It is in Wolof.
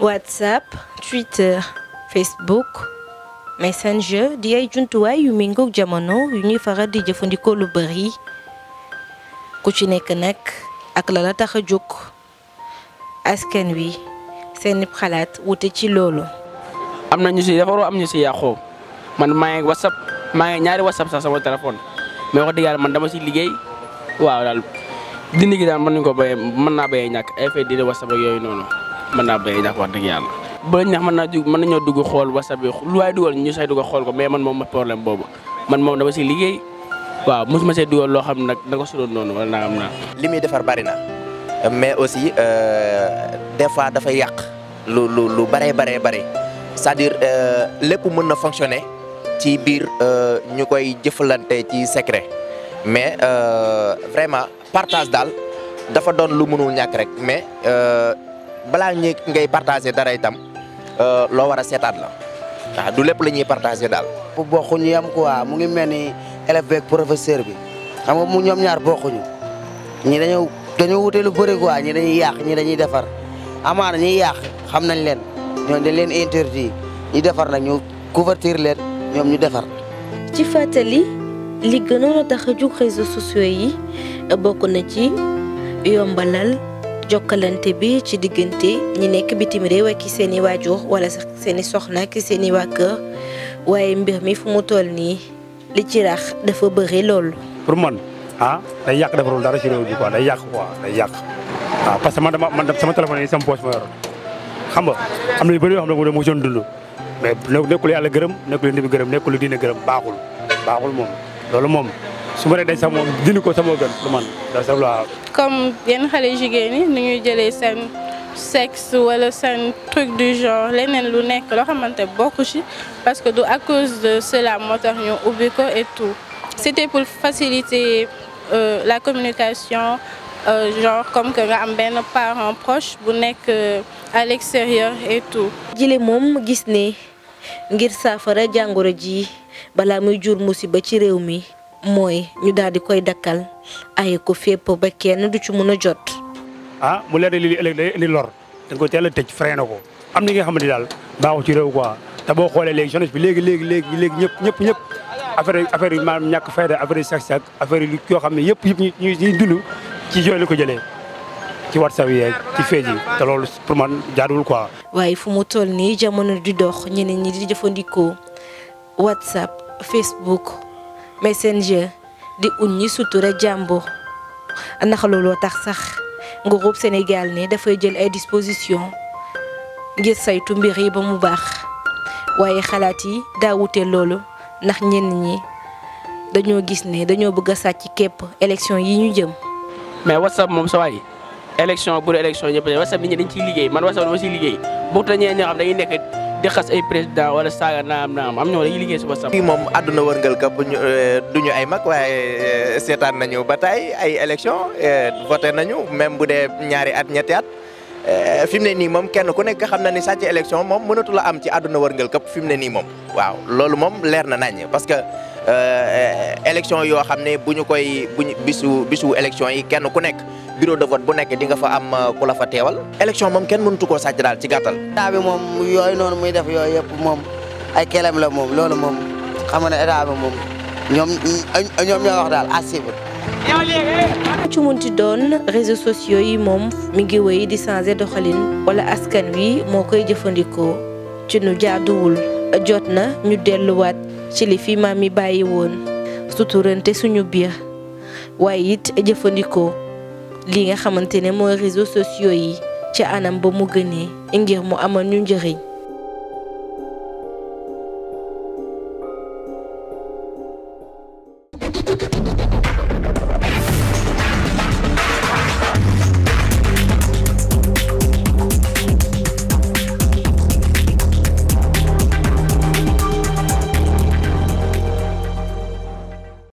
whatsapp twitter facebook messenger di ay jumtuwaay yu mingook jamono yu faral di jëfandikoo lu bari ku ci nekk nag ak lala la tax a jóg askan wi seen xalaat wute ci loolu. am na ñu si defaroo am ñu si yàqoo man maa ngi whatsapp maa ngi ñaari wax whatsapp sax sama téléphone mais wax dëgg man dama si liggéey waaw daal dindi gi daal mën ko béyee mën naa béyee ñàkk ay fait di whatsapp ak yooyu noonu mën naa béyee ñàkk wax dëgg yàlla. ba ñu neex mën naa dugg mën nañoo dugg xool whatsapp yi lu waay dugal ñu say dugg xool ko mais man moom ma problème boobu man moom dama si liggéey waaw ma see dugal loo xam nag da ko suroon noonu wala naa am naa. li muy defar bari na mais aussi euh, des fois dafay yàq lu lu lu bëree bëree bëri cest dire dire euh, lépp mën na fonctionner ci biir euh, ñu koy jëflante ci secret mais vraiment partage daal dafa doon lu mënul ñàkk rek mais balaa ñi ngay partager dara itam loo war a seetaat la waaw du lépp la ñuy partager daal. bokkuñu yam quoi mu ngi mel ni élève beeg professeur bi xam nga mu ñoom ñaar bokkuñu ñi dañoo. dañoo wute lu bëri quoi ñi dañuy yàq ñi dañuy defar amaana ñuy yàq xam nañ leen ñoom dañ leen interdit ñi defar nag ñu couverture leen ñoom ñu defar. ci fàttali li gënoon a tax a jug réseaux sociaux yi bokk na ci yombalal jokkalante bi ci diggante ñi nekk bitim réew ak seen i waajur wala sax seen i soxna ak seen i waaye mbir mi fu mu toll nii li ci rax dafa bëri loolu. pour ah day yàq defarul dara ci réew day yàq quoi day yàq ah, parce que man dama man sama téléphone yi sama poche ma yor xam nga am na yu bëri yoo xam ne moom dama ko doon dund mais nekkul yàlla gërëm nekkul ndibi gërëm nekkul diine gërëm baaxul moom loolu moom su ma day sax moom dindi ko sama gën lu man da sax laa comme yenn xale jigéen nu ñuy jëlee seen sexe wala seen truc du genre leneen lu nekk loo xamante bokku ci parce que du à cause de cela moo tax ñu ubbi ko et tout c'était pour Euh, la communication euh, genre comme que nga am benn parent proche bu nekk euh, à l'extérieur et tout. jile moom gis ne ngir saafara jàngoro ji balaa muy jur musiba ci réew mi mooy ñu daal di koy dakkal aye ko fépp ba kenn du ci mun a jot. ah mu leer li ëllëg day indi lor dañ ko teel a tëj freiné na ko am na nga xamante daal baaxul ci réew quoi te boo xoolee léegi jeunesse bi léegi léegi léegi léegi ñëpp ñëpp ñëpp. affaire affaire yi maanaam ñàkk fayda affaire yi sax-sax affaire yi yoo xam ne yëpp yëpp ñu ñuy dund ci yooyu la ko jëlee ci whatsapp yi ci feej yi te man jaaduwul quoi. waaye fu mu toll nii jamono di dox ñeneen ñi di jëfandikoo whatsapp facebook messenger di uñ ñi sutura jàmbur ndax looloo tax sax nguurub Sénégal ne dafay jël ay disposition ngir saytu mbir yi ba mu baax waaye xalaat yi daa wute loolu. ndax ñenn ñi dañoo gis ne dañoo bëgg a sàcc képp élection yi ñu jëm. mais whatsapp moom sa waay élection bu dee élection ñëpp de whatsapp nit ñi dañ ciy man whatsapp dama ciy liggéey bu ta ñee ñoo xam dañuy nekk di xas ay président wala saaga naam naam am ñoo dañuy liggéey si whatsapp. fii moom àdduna wërngal këpp du ñu ay mag waaye eh, seetaan nañu ba tey ay élection eh, voté nañu même bu dee ñaari at ñetti at. Eh, fi mu ne nii moom kenn ku nekk xam na ni sàcc élection moom mënatu am ci àdduna wërngal këpp fi mu ne nii moom waaw loolu moom leer na nañ parce que eh, élection yoo xam ne bu ñu koy bu ñu bisu bisu élection yi kenn ku nekk bureau de vote bu nekk di nga fa am eh, ku la fa teewal. élection moom kenn mënatu koo sàcc daal ci gàttal. état bi moom yooyu noonu muy def yooyu yëpp moom ay kelem la moom loolu moom xam nga ne état bi moom ñoom ñoom ñoo wax daal à ci munti doon réseaux sociaux yi moom mi ngi di changer doxalin wala askan wi moo koy jëfandikoo ci nu jaaduwul jot na ñu delluwaat ci li fi maam yi bàyyi woon suturante suñu biir waaye it jëfandikoo li nga xamante ne mooy réseaux sociaux yi ci anam ba mu gënee ngir mu amal ñu njëriñ.